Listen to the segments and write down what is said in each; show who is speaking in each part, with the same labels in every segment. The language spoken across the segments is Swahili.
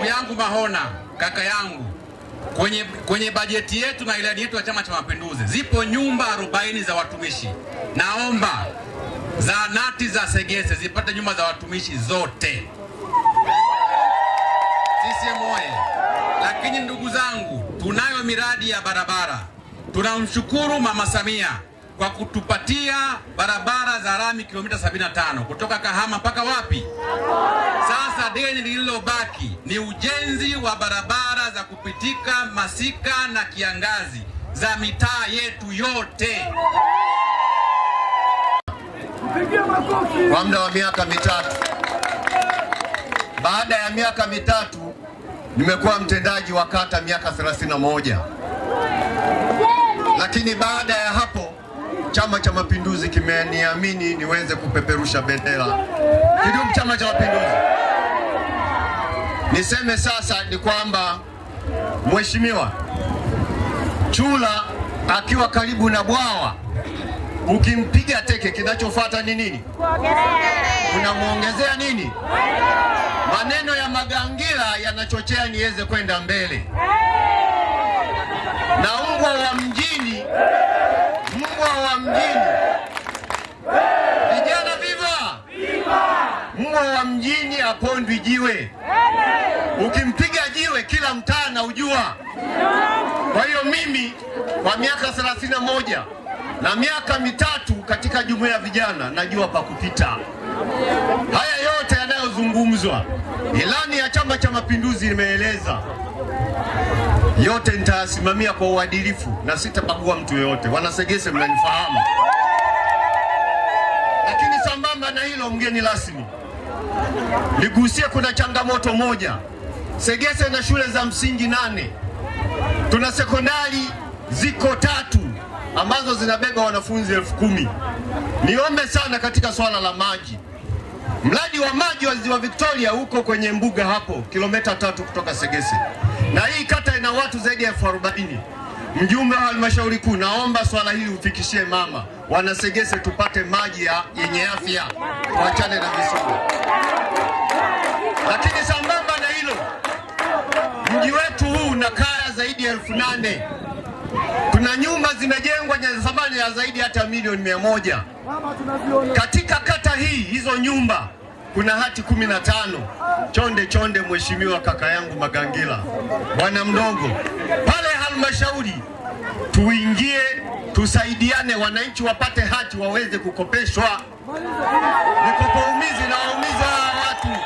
Speaker 1: ndugu yangu Mahona, kaka yangu, kwenye, kwenye bajeti yetu na ilani yetu ya Chama cha Mapinduzi zipo nyumba 40 za watumishi. Naomba zahanati za Segese zipate nyumba za watumishi zote. CCM oye! Lakini ndugu zangu, tunayo miradi ya barabara. Tunamshukuru Mama Samia kwa kutupatia barabara za lami kilomita 75 kutoka Kahama mpaka wapi? Sasa deni lililobaki ni ujenzi wa barabara za kupitika masika na kiangazi za mitaa yetu yote.
Speaker 2: Kwa muda wa miaka mitatu. Baada ya miaka mitatu nimekuwa mtendaji wa kata miaka 31, lakini baada ya hapo Chama cha Mapinduzi kimeniamini niweze kupeperusha bendera. Kidumu Chama cha Mapinduzi! Niseme sasa ni kwamba Mheshimiwa Chula akiwa karibu na bwawa, ukimpiga teke, kinachofuata ni nini? Unamwongezea nini? Maneno ya Magangira yanachochea niweze kwenda mbele na mbwa wa mjini wa mjini, vijana viva, mbwa wa mjini apondwi jiwe. Ukimpiga jiwe kila mtaa na ujua. Kwa hiyo mimi kwa miaka thelathini na moja na miaka mitatu katika jumuiya ya vijana najua pa kupita. Haya yote yanayozungumzwa, ilani ya Chama cha Mapinduzi imeeleza yote nitayasimamia kwa uadilifu na sitapagua mtu yoyote. Wanasegese mnanifahamu. Lakini sambamba na hilo, mgeni rasmi, nigusie, kuna changamoto moja. Segese na shule za msingi nane, tuna sekondari ziko tatu ambazo zinabeba wanafunzi elfu kumi. Niombe sana katika swala la maji, mradi wa maji wa ziwa Victoria huko kwenye mbuga hapo kilometa tatu kutoka Segese na hii kata ina watu zaidi ya elfu arobaini. Mjumbe wa halmashauri kuu, naomba swala hili ufikishie mama Wanasegese tupate maji yenye afya, wachane na visugu. Lakini sambamba na hilo, mji wetu huu una kaya zaidi ya elfu nane kuna nyumba zimejengwa za thamani ya zaidi hata milioni mia moja katika kata hii. Hizo nyumba kuna hati kumi na tano chonde chonde, mheshimiwa kaka yangu Magangila, bwana mdogo pale halmashauri, tuingie tusaidiane, wananchi wapate hati waweze kukopeshwa. Mikopo umizi na waumiza watu.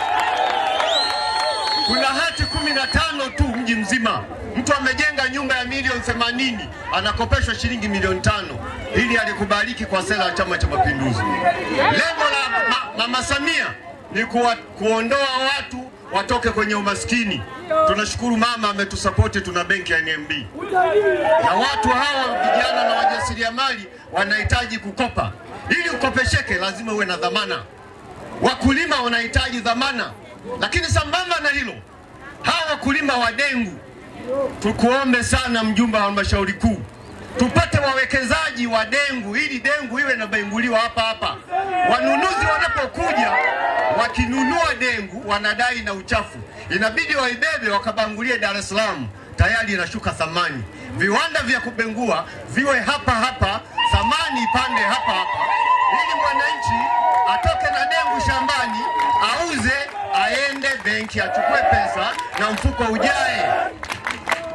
Speaker 2: Kuna hati kumi na tano tu mji mzima. Mtu amejenga nyumba ya milioni 80 anakopeshwa shilingi milioni tano. Hili alikubaliki kwa sera ya Chama cha Mapinduzi. Lengo la ma, Mama Samia ni kuwa, kuondoa watu watoke kwenye umaskini. Tunashukuru mama ametusapoti, tuna benki ya NMB na watu hawa vijana na wajasiriamali wanahitaji kukopa. Ili ukopesheke, lazima uwe na dhamana. Wakulima wanahitaji dhamana, lakini sambamba na hilo, hawa wakulima wa dengu, tukuombe sana mjumbe wa halmashauri kuu tupate wawekezaji wa dengu ili dengu iwe inabenguliwa hapa hapa. Wanunuzi wanapokuja wakinunua dengu wanadai na uchafu, inabidi waibebe wakabangulie Dar es Salaam, tayari inashuka thamani. Viwanda vya kubengua viwe hapa hapa, thamani ipande hapa hapa, ili mwananchi atoke na dengu shambani, auze, aende benki achukue pesa na mfuko ujae.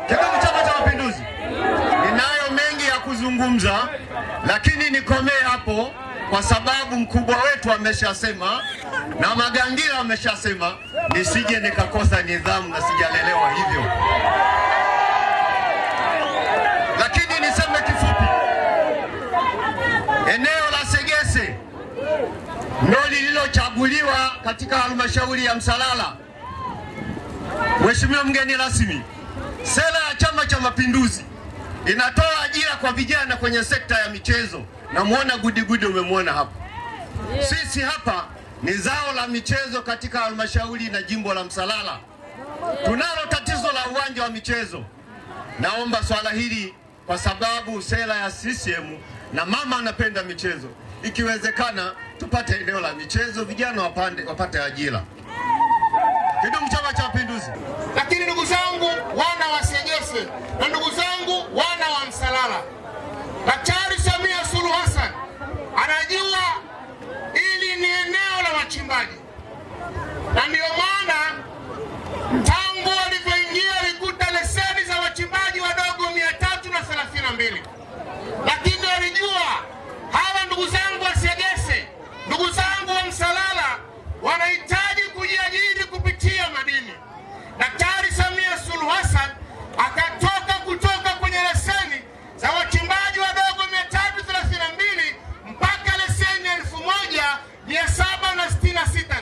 Speaker 2: Chama cha Mapinduzi kuzungumza, lakini nikomee hapo kwa sababu mkubwa wetu ameshasema na Magangira ameshasema, nisije nikakosa nidhamu na sijalelewa hivyo. Lakini niseme kifupi, eneo la Segese ndio lililochaguliwa katika halmashauri ya Msalala. Mheshimiwa mgeni rasmi, sera ya Chama cha Mapinduzi inatoa ajira kwa vijana kwenye sekta ya michezo. Namwona Gudigudi, umemwona hapo. Sisi hapa ni zao la michezo katika halmashauri na jimbo la Msalala. Tunalo tatizo la uwanja wa michezo. Naomba swala hili kwa sababu sera ya CCM na mama anapenda michezo, ikiwezekana tupate eneo la michezo, vijana wapande, wapate ajira. Kidumu Chama cha Mapinduzi! Lakini ndugu zangu, wana wa Segese na ndugu zangu wana wa Msalala. Daktari Samia Suluhu Hassan anajua